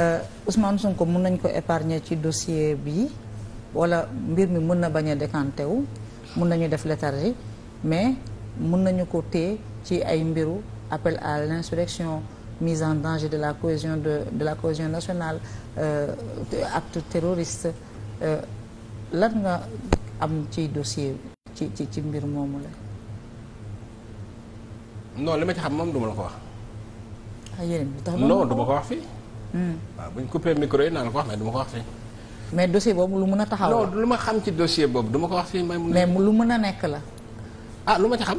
Euh, Ousmane Sonko mun nañ ko épargner ci dossier bi wala mbir mi mën na bañ a décanté wu mun nañu def léthargie mais mun nañu ko té ci ay mbiru appel à l'insurrection mise en danger de la cohésion de de la cohésion nationale euh, acte terroriste euh, lan nga am ci dossier ci ci ci mbir moomu la. non li ma ci xam moom du la ko wax. ah yéen tax non du ma ko wax fii. waaw bu ñu coupé micro yi naa la ko wax mais du ma ko wax fii. mais dossier boobu lu mën a taxaw la lu ma xam ci dossier boobu du ma ko wax fii. mais lu mën a nekk la. ah lu ma ci xam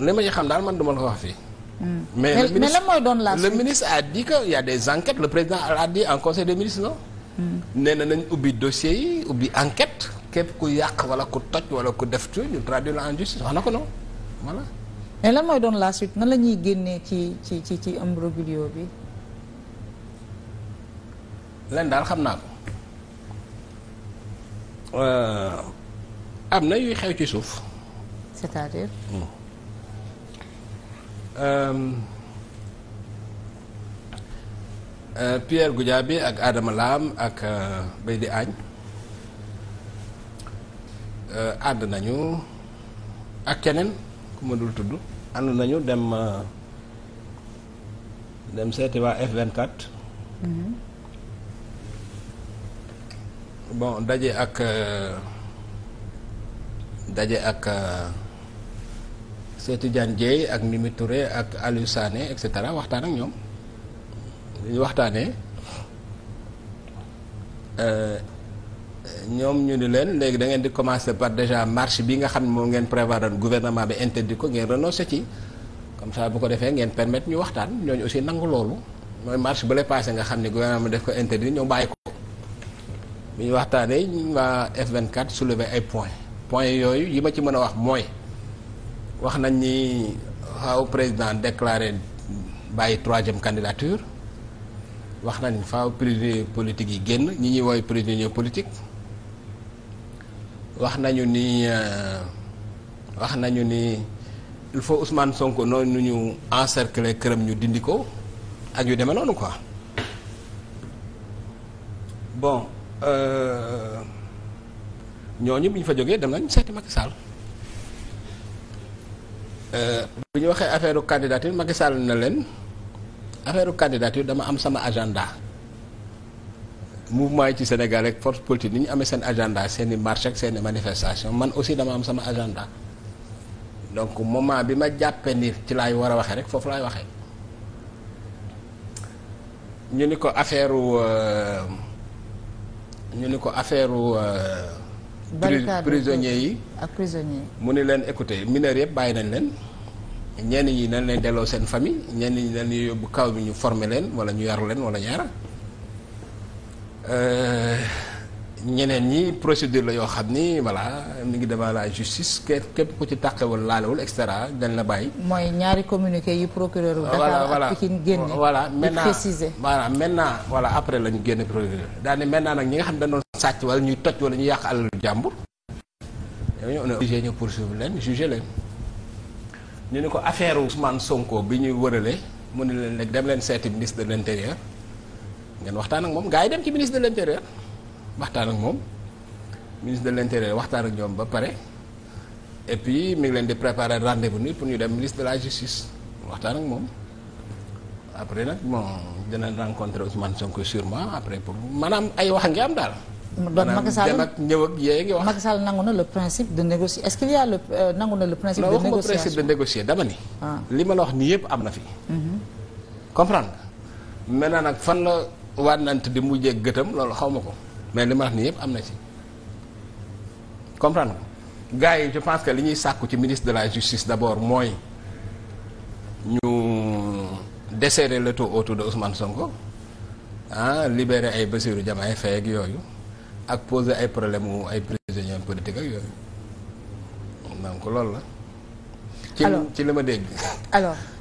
li ma ci xam daal man du ma ko wax fii. Hmm. mais mais lan mooy doon la le ministre des enquêtes le président a en conseil des ministres non. Hmm. nee na nañ ubbi dossier yi ubbi enquête képp ku yàq wala ku toj wala ku def tuuti ñu traduire en justice wax na ko non voilà. mais lan mooy doon la suite nan la ñuy génnee ci ci ci ci ambroglio bi. len daal xam naa ko euh, am na yuy xew ci suuf. cest à euh, euh, Pierre Goudiaby ak aadama Lam ak Baïdy Agne ànd nañu ak keneen ku ma dul tudd ànd nañu dem dem seeti waa F24. Mm-hmm. bon daje ak euh, daje ak seeti euh, Tidiane Dièye ak Mimi Touré ak Aliou Sané et cetera waxtaan ak ñoom ñu waxtaanee euh, ñoom ñu ni leen léegi da ngeen di commencer par déjà marche bi nga xam ne moom ngeen prévoir gouvernement bi interdit ko ngeen renoncer ci comme ça bu ko defee ngeen permettre ñu waxtaan ñooñu aussi nangu loolu mooy marche ba lay passé nga xam ne gouvernement def ko interdit ñoo bàyyi ko. bi waxtaanee waa F24 soulevé ay points points yooyu yi ma ci mën a wax mooy wax nañ ni faaw président déclarer bàyyi troisième candidature wax nañ faaw prisonniers politiques yi génn ñi ñuy woy prisonniers politiques wax nañu ni euh, wax nañu ni il faut Ousmane Sonko noonu ñu encercler këram ñu dindi ko ak yu demee noonu quoi bon. Euh, ñooñu bi ñu fa jógee dem nañ seeti Macky Sall euh, bi ñu waxee affaire candidature Macky Sall na leen affaire candidature dama am sama agenda mouvement yi ci Sénégal rek force politique ni ñu amee seen agenda seeni marché marche ak seen manifestation man aussi dama am sama agenda donc moment bi ma jàppee ni ci laay war a waxee rek foofu laay waxee ñu ni ko affaire euh, ñu ni ko affaire euh, prisonniers yi ak prisonniers mu ni leen écoutez mineurs yëpp bàyyi nañ leen ñenn ñi nañ leen delloo seen famille ñenn ñi nañ leen yóbbu kaw bi ñu former leen wala ñu yaru leen wala ñaara euh, ñeneen ñi procédure la yoo xam ni voilà mi ngi devant la justice képp ku ci tàqewul laalewul et cetera dañ la bàyyi. mooy ñaari communiqué yi procureur. Dakar ak Pikine génne voilà maintenant voilà maintenant voilà après la ñu génne procureur daanaka maintenant nag ñi nga xam ne dañ doon sàcc wala ñuy toj wala ñu yàq alalu jàmbur. dañoo on est obligé ñu poursuivre leen juger leen ñu ne ko affaire Ousmane Sonko bi ñuy wërale mu ne leen rek dem leen seeti ministre de l' intérieur ngeen waxtaan ak moom waxtaan ak moom ministre de l' intérieur waxtaan ak ñoom ba pare et puis mi ngi leen di préparer rendez-vous ni pour ñu dem ministre de la justice waxtaan ak moom après nag bon dinañ rencontrer Ousmane Sonko sûrement après pour maanaam ay wax ngi am daal. donc Macky Sall dem ak ñëw ak yee ngi wax. Macky nangu na le principe de négocier est-ce qu'il y a le euh, nangu na le principe. de de négocier dama ni. Ah. li ma la wax nii yëpp am na fi. Mhm. comprendre nga maintenant nag fan la waat di mujjee gëtam loolu xaw ma ko. mais li ma wax nii yëpp am na ci comprendre nga gars yi je pense que li ñuy sàkku ci ministre de la justice d'abord mooy ñu desserrer le tout de Ousmane Sonko ah libérer ay Bassirou Diomaye Faye ak yooyu ak poser ay problème wu ay prisonniers politiques ak yooyu donc loolu la. ci ci li ma dégg. alors.